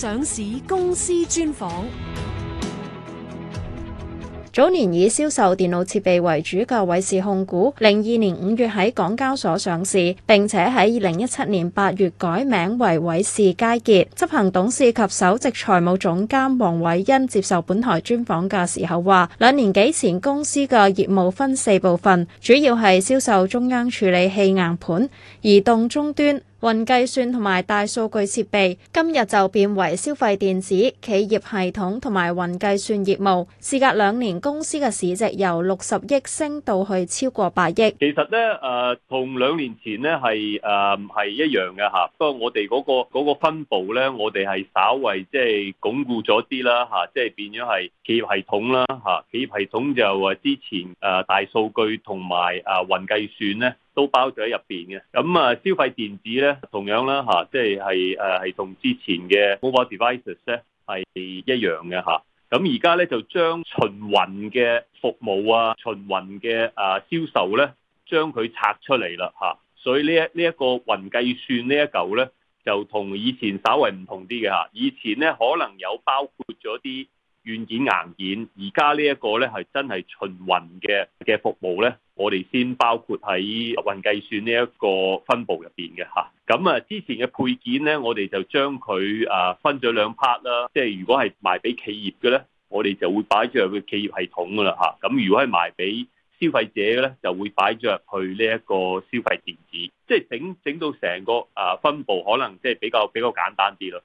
上市公司專訪。早年以銷售電腦設備為主嘅偉仕控股，零二年五月喺港交所上市，並且喺二零一七年八月改名為偉仕佳杰。執行董事及首席財務總監王偉炘接受本台專訪嘅時候話，兩年幾前公司嘅業務分四部分，主要係銷售中央處理器硬盤、移動終端。雲計算同埋大數據設備，今日就變為消費電子、企業系統同埋雲計算業務。事隔兩年，公司嘅市值由六十億升到去超過百億。其實咧，誒、呃、同兩年前咧係誒係一樣嘅嚇。不過我哋嗰、那個嗰、嗰個分佈咧，我哋係稍微即係鞏固咗啲啦嚇，即係變咗係企業系統啦嚇、啊。企業系統就話之前誒、呃、大數據同埋誒雲計算咧。都包咗喺入邊嘅，咁啊，消費電子咧，同樣啦吓、啊，即係係誒，係、啊、同之前嘅 mobile devices 咧係一樣嘅吓。咁而家咧就將巡雲嘅服務啊，巡雲嘅誒銷售咧，將佢拆出嚟啦吓。所以、這個、一呢一呢一個雲計算呢一嚿咧，就同以前稍為唔同啲嘅吓。以前咧可能有包括咗啲。軟件硬件，而家呢一個咧係真係循雲嘅嘅服務咧，我哋先包括喺雲計算呢一個分部入邊嘅嚇。咁啊，之前嘅配件咧，我哋就將佢啊分咗兩 part 啦。即係如果係賣俾企業嘅咧，我哋就會擺咗入去企業系統噶啦嚇。咁如果係賣俾消費者嘅咧，就會擺咗入去呢一個消費電子。即係整整到成個啊分部，可能即係比較比較簡單啲咯。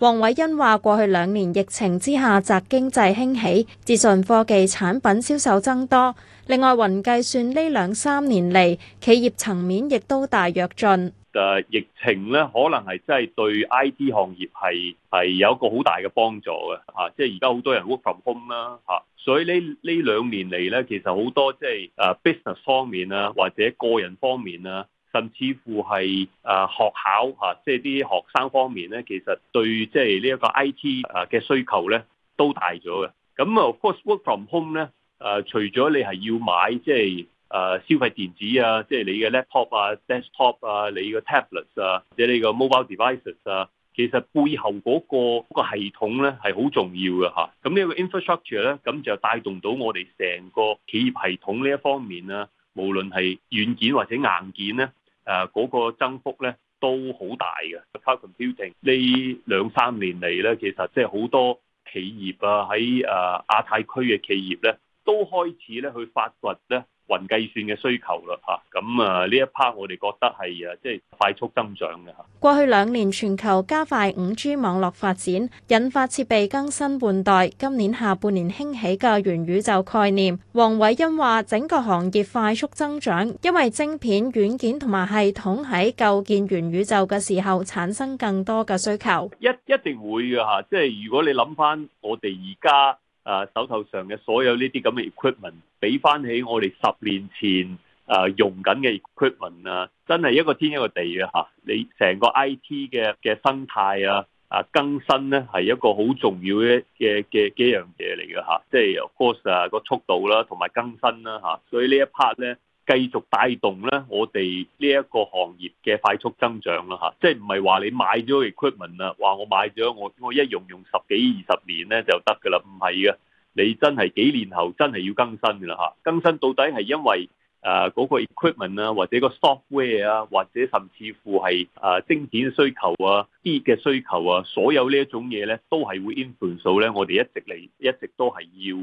王偉炘話：過去兩年疫情之下，宅經濟興起，資訊科技產品銷售增多。另外，雲計算呢兩三年嚟，企業層面亦都大躍進。誒，疫情咧可能係真係對 IT 行業係係有一個好大嘅幫助嘅吓，即係而家好多人 work from home 啦吓，所以呢呢兩年嚟咧，其實好多即係誒 business 方面啊，或者個人方面啊。甚至乎係啊、呃、學校嚇、啊，即係啲學生方面咧，其實對即係呢一個 IT 啊嘅需求咧都大咗嘅。咁啊，Of course work from home 咧，誒、啊、除咗你係要買即係誒、啊、消費電子啊，即係你嘅 laptop 啊、desktop 啊、你嘅 tablets 啊，即係你嘅 mobile devices 啊，其實背後嗰、那個、那個系統咧係好重要嘅嚇。咁、啊、呢個 infrastructure 咧，咁、啊、就帶動到我哋成個企業系統呢一方面啊，無論係軟件或者硬件咧。誒、嗰個增幅咧都好大嘅，cloud computing 呢兩三年嚟咧，其實即係好多企業啊，喺誒亞太區嘅企業咧，都開始咧去發掘咧。雲計算嘅需求啦，吓咁啊呢一 part 我哋覺得係啊，即係快速增長嘅吓。過去兩年全球加快五 G 網絡發展，引發設備更新換代。今年下半年興起嘅元宇宙概念，王偉炘話整個行業快速增長，因為晶片、軟件同埋系統喺構建元宇宙嘅時候產生更多嘅需求。一一定會嘅吓，即係如果你諗翻我哋而家。啊，手頭上嘅所有呢啲咁嘅 equipment，俾翻起我哋十年前啊用緊嘅 equipment 啊，真係一個天一個地嘅，吓、啊，你成個 IT 嘅嘅生態啊啊更新咧，係一個好重要嘅嘅嘅幾樣嘢嚟嘅。吓、啊，即係由 cost 啊個速度啦，同、啊、埋更新啦吓、啊，所以一呢一 part 咧。繼續帶動咧，我哋呢一個行業嘅快速增長啦吓，即係唔係話你買咗 equipment 啦，話我買咗我我一用用十幾二十年咧就得嘅啦，唔係嘅，你真係幾年後真係要更新嘅啦嚇，更新到底係因為誒嗰個 equipment 啊，或者個 software 啊，或者甚至乎係誒精簡需求啊。啲嘅需求啊，所有呢一種嘢咧，都係會 influence 咧，我哋一直嚟，一直都係要，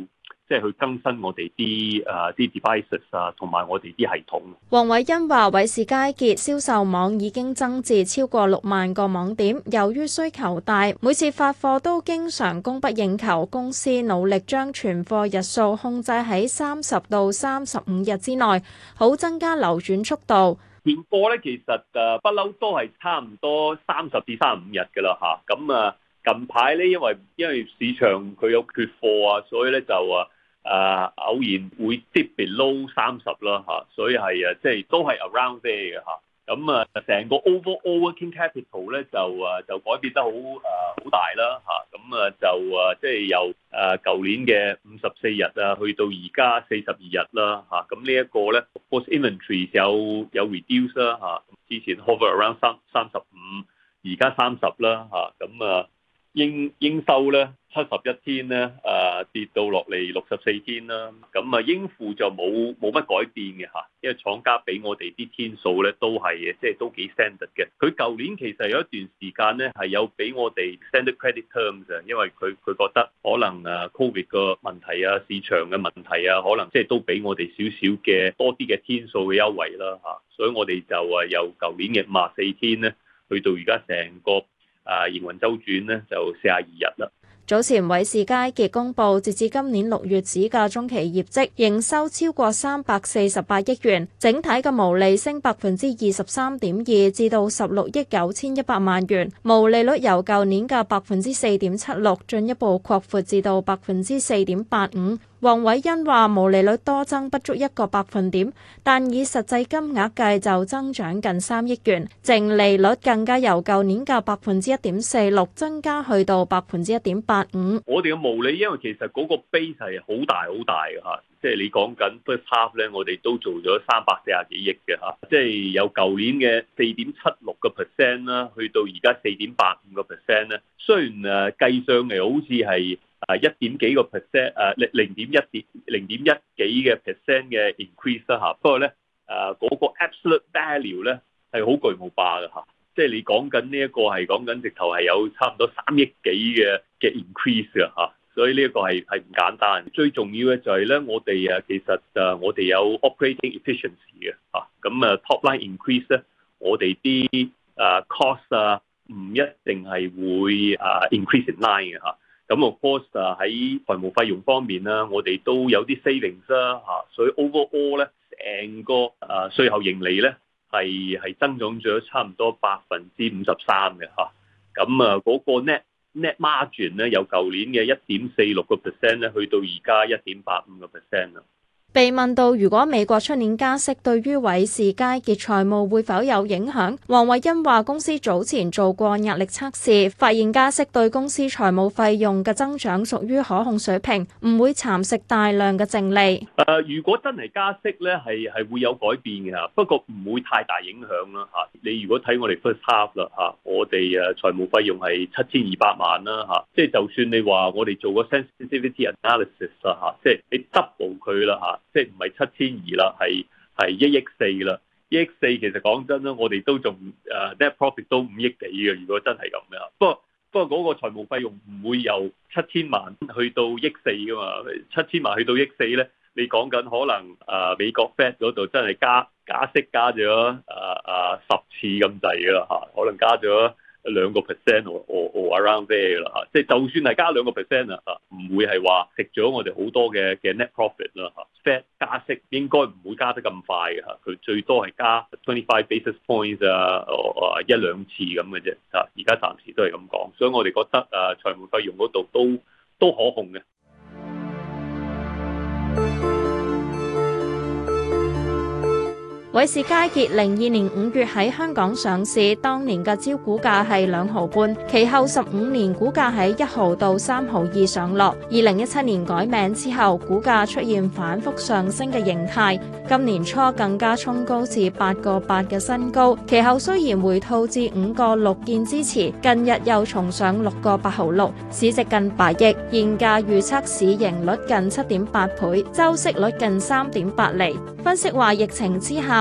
即係去更新我哋啲誒啲 devices 啊，同埋我哋啲系統。王偉炘話，偉仕佳杰銷售網已經增至超過六萬個網點，由於需求大，每次發貨都經常供不應求，公司努力將存貨日數控制喺三十到三十五日之內，好增加流轉速度。現貨咧，其實誒，啊、不嬲都係差唔多三十至三十五日嘅啦，吓，咁啊，近排咧，因為因為市場佢有缺貨啊，所以咧就啊啊偶然會跌 below 三十啦，吓、啊，所以係、就是、啊，即係都係 around there 嘅吓。咁啊，成個 Overall Working Capital 咧就啊就改變得好、呃、啊好大啦嚇，咁啊就啊即係由啊舊年嘅五十四日啊，去到而家四十二日啦嚇，咁、啊、呢一個咧，Foots Inventory 有有 Reduce 啦嚇、啊，之前 Hover Around 三三十五，而家三十啦嚇，咁啊。啊應應收咧七十一天咧，啊跌到落嚟六十四天啦。咁啊應付就冇冇乜改變嘅嚇，因為廠家俾我哋啲天數咧都係即係都幾 standard 嘅。佢舊年其實有一段時間咧係有俾我哋 standard credit terms，因為佢佢覺得可能啊 covid 個問題啊、市場嘅問題啊，可能即係都俾我哋少少嘅多啲嘅天數嘅優惠啦嚇。所以我哋就啊由舊年嘅五十四天咧，去到而家成個。啊！營運周轉咧就四廿二日啦。早前偉仕佳杰公布，截至今年六月止嘅中期業績，營收超過三百四十八億元，整體嘅毛利升百分之二十三點二，至到十六億九千一百萬元，毛利率由舊年嘅百分之四點七六進一步擴闊至到百分之四點八五。.王偉炘話：毛利率多增不足一個百分點，但以實際金額計就增長近三億元，淨利率更加由舊年嘅百分之一點四六增加去到百分之一點八五。我哋嘅毛利，因為其實嗰個 base 係好大好大嘅吓、啊，即係你講緊 first half 咧，我哋都做咗三百四十幾億嘅吓、啊，即係有舊年嘅四點七六個 percent 啦，去到而家四點八五個 percent 咧。雖然誒計、啊、上嚟好似係。啊，一點幾個 percent，誒零零點一點零點一幾嘅 percent 嘅 increase 啦嚇。不過咧，誒嗰個 absolute value 咧係好巨無霸嘅嚇。即係你講緊呢一個係講緊直頭係有差唔多三億幾嘅嘅 increase 啊嚇。所以呢一個係係唔簡單。最重要嘅就係咧，我哋啊其實誒我哋有 operating efficiency 嘅嚇。咁啊 top line increase 咧，我哋啲誒 cost 啊唔一定係會誒 increase in line 嘅嚇。咁啊，cost 啊喺財務費用方面啦，我哋都有啲 savings 啦，嚇，所以 overall 咧，成個啊稅後盈利咧係係增長咗差唔多百分之五十三嘅嚇，咁啊嗰個 net net margin 咧，由舊年嘅一點四六個 percent 咧，去到而家一點八五個 percent 啦。被問到如果美國出年加息對於偉仕佳杰財務會否有影響，王偉炘話：公司早前做過壓力測試，發現加息對公司財務費用嘅增長屬於可控水平，唔會蠶食大量嘅淨利。誒，如果真係加息咧，係係會有改變嘅，不過唔會太大影響啦。嚇，你如果睇我哋 first half 啦嚇，我哋誒財務費用係七千二百萬啦嚇，即係就算你話我哋做個 sensitivity analysis 啦嚇，即係你 double 佢啦嚇。即係唔係七千二啦，係係一億四啦。一億四其實講真啦，我哋都仲 net profit 都五億幾嘅。如果真係咁嘅，不過不過嗰個財務費用唔會由七千萬去到億四嘅嘛。七千萬去到億四咧，你講緊可能誒、啊、美國 Fed 嗰度真係加加息加咗誒誒十次咁滯嘅啦嚇，可能加咗。兩個 percent 我我我 around there 啦嚇，即係就算係加兩個 percent 啊嚇，唔會係話食咗我哋好多嘅嘅 net profit 啦、啊、嚇。Fed 加息應該唔會加得咁快嘅嚇，佢、啊、最多係加 twenty five basis points 啊、啊，一兩次咁嘅啫嚇。而家暫時都係咁講，所以我哋覺得啊財務費用嗰度都都可控嘅。偉仕佳杰零二年五月喺香港上市，當年嘅招股價係兩毫半，其後十五年股價喺一毫到三毫二上落。二零一七年改名之後，股價出現反覆上升嘅形態，今年初更加衝高至八個八嘅新高，其後雖然回吐至五個六見支持，近日又重上六個八毫六，市值近百億，現價預測市盈率近七點八倍，周息率近三點八厘。分析話疫情之下，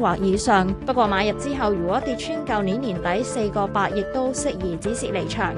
或以上，不過買入之後，如果跌穿舊年年底四個八，亦都適宜止蝕離場。